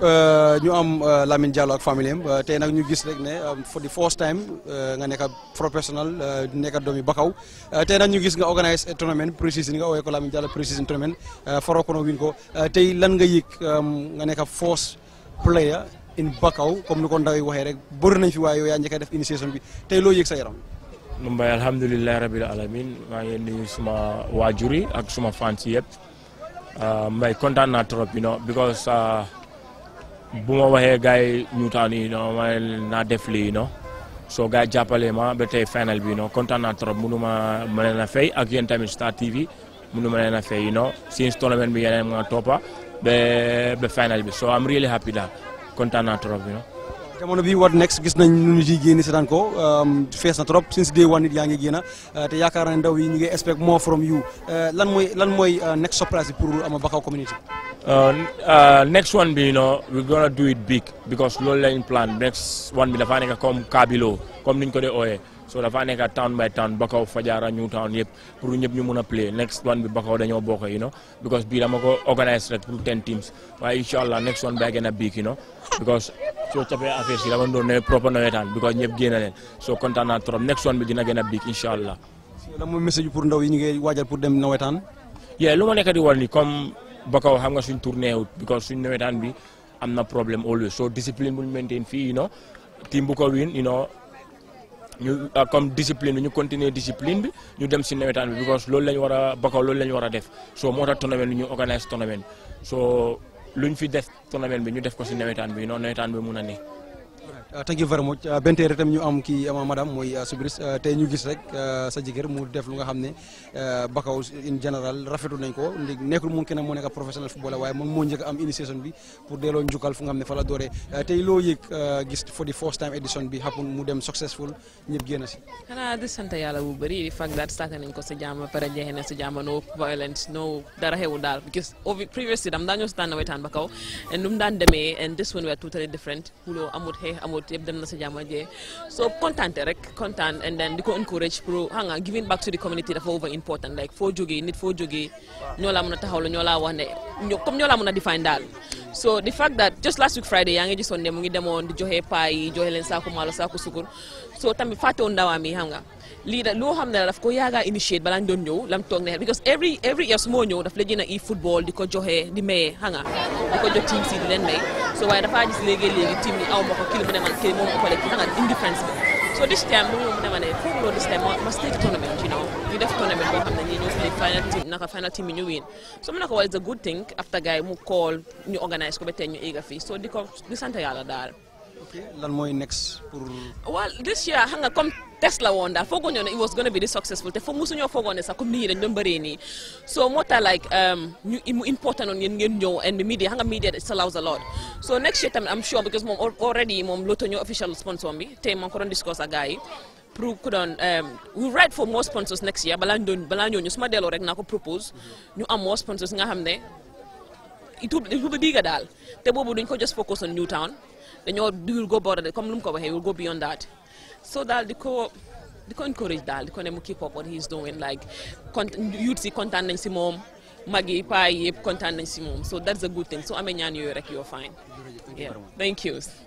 Euh, ñu am euh, Lamine Diallo ak famille euh, tey nag ñu gis rek ne for the first time nga nekk professionnel nekk doomi Bakaw tey nag ñu gis nga organise tournament précision nga woowee ko Lamine Diallo précision tournament faroo ko win ko tey lan nga yëg nga nekk first player in Bakaw comme ni ko ndaw waxee rek bëri nañ fi waaye yow yaa njëkk a def initiation bi tey loo yëg sa yaram. Mbaye alhamdulilah rabil alamin maa ngi nuyu suma waajur yi ak suma fans yëpp kontaan naa trop uh, bu ma waxee gars yi ñu taan yi non ma naa def lii non soo gars jàppale ma ba tey final bi non kontaan naa trop mënu ma ma leen a fay ak yéen tamit Star TV mënu ma leen a fay non si tournament bi yeneen ma toppa ba ba final bi so am really happy daal kontaan naa trop non. jamono bi what next gis nañ nu ñu ciy génn ko um, fees na trop since day one nit yaa ngi génn uh, te yaakaar naa ndaw yi ñu ngi expect more from you uh, lan mooy lan mooy uh, next surprise bi pour ama Bakau community. Uh, uh, next one bi you know we gonna do it big because loolu lañ plan next one bi dafaa nekk comme Kabilo comme niñ ko dee ooyee so dafaa nekk town by town Bakaw Fajara New Town yëpp pour ñëpp ñu mun a play next bi dama ko organise rek pour ten teams waaye incha next one baa gën a big you know because soo capee affaire si dama doon ne propre nawetaan because ñëpp génn leen soo kontaan trop next one bi dina gën a big incha allah. mooy message pour ndaw ba xam nga suñ tournée wut because suñ nawetaan bi am na problème always so discipline bu ñu maintain fii you know team bu ko win you know ñu ah, comme discipline bi ñu continuer discipline bi ñu dem si nawetaan bi because loolu la ñu war a bakaw loolu la war a def so moo tax tournament bi ñu organise tournament bi so luñ fi def tournament bi ñu def ko si nawetaan bi you know nawetaan bi mun a ne Euh, thank you very much benteer itam ñu am kii ama euh, madame mooy euh, Showbiz tey yëg gis for the first time edition bi happen mu dem successful ñëpp génn si di sant yàlla bu bëri di fag daal sàkk nañ ko sa jàmm na sa jàmm no violence daal demee and this one were totally different xuloo amut xeex amut promote yëpp dem na si jee so kontaante rek kontaan and then di ko encourage pour giving back to the community dafa over important like foo jógee nit foo jógee ñoo laa mën a taxaw la ñoo laa wax ne comme ñoo laa mën a define daal so fact that just last week Friday yaa ngi gisoon mu ngi demoon di joxe paa yi joxe leen saako maalo saako sukur so tamit fàtte woon ndawaam yi lii da loo xam ne daf ko yaaga initiate balaa ñu doon ñëw lam toog ne because every every moo ñëw daf la jënd i football di ko joxee di maye xanga di ko jox team si di leen may so waaye dafaa gis léegi-léegi team yi mu ne ma so this time moom mu ne ma stake tournament you know ñu def tournament boo xam ne ñi ñoo play final team naka final team yi ñu win so mu ne ko it's a good thing after gars mu call ñu organise ko ba tey ñu éega fii so di ko di sant yàlla daal lan mooy next pour. this test la woon daal foogoo ñoo ne it was gonna be this successful te foog mosuñoo foogoo ne sax comme nit ñi dañ doon bëree so moo tax like um, important noonu ngeen ngeen ñëw and media xam nga media it allows a lot so next year tamit I'm sure because moom already moom Lotto ñoo official sponsor bi te maa ko doon discuss ak gars yi pour ku doon um, for more sponsors next year balaa ñu doon balaa ñoo ñu su ma delloo rek naa ko propose ñu am more sponsors nga xam ne it will be daal te boobu duñ ko just focus on Newtown dañoo will go border comme mu ko waxee will so daal di ko di ko encourage daal di ko ne mu keep up what he's doing like cont youth si kontaan nañ si moom mag yi paa yi yëpp kontaan nañ si moom so that's a good thing so amee ñaan yooyu rek you're fine yeah thank you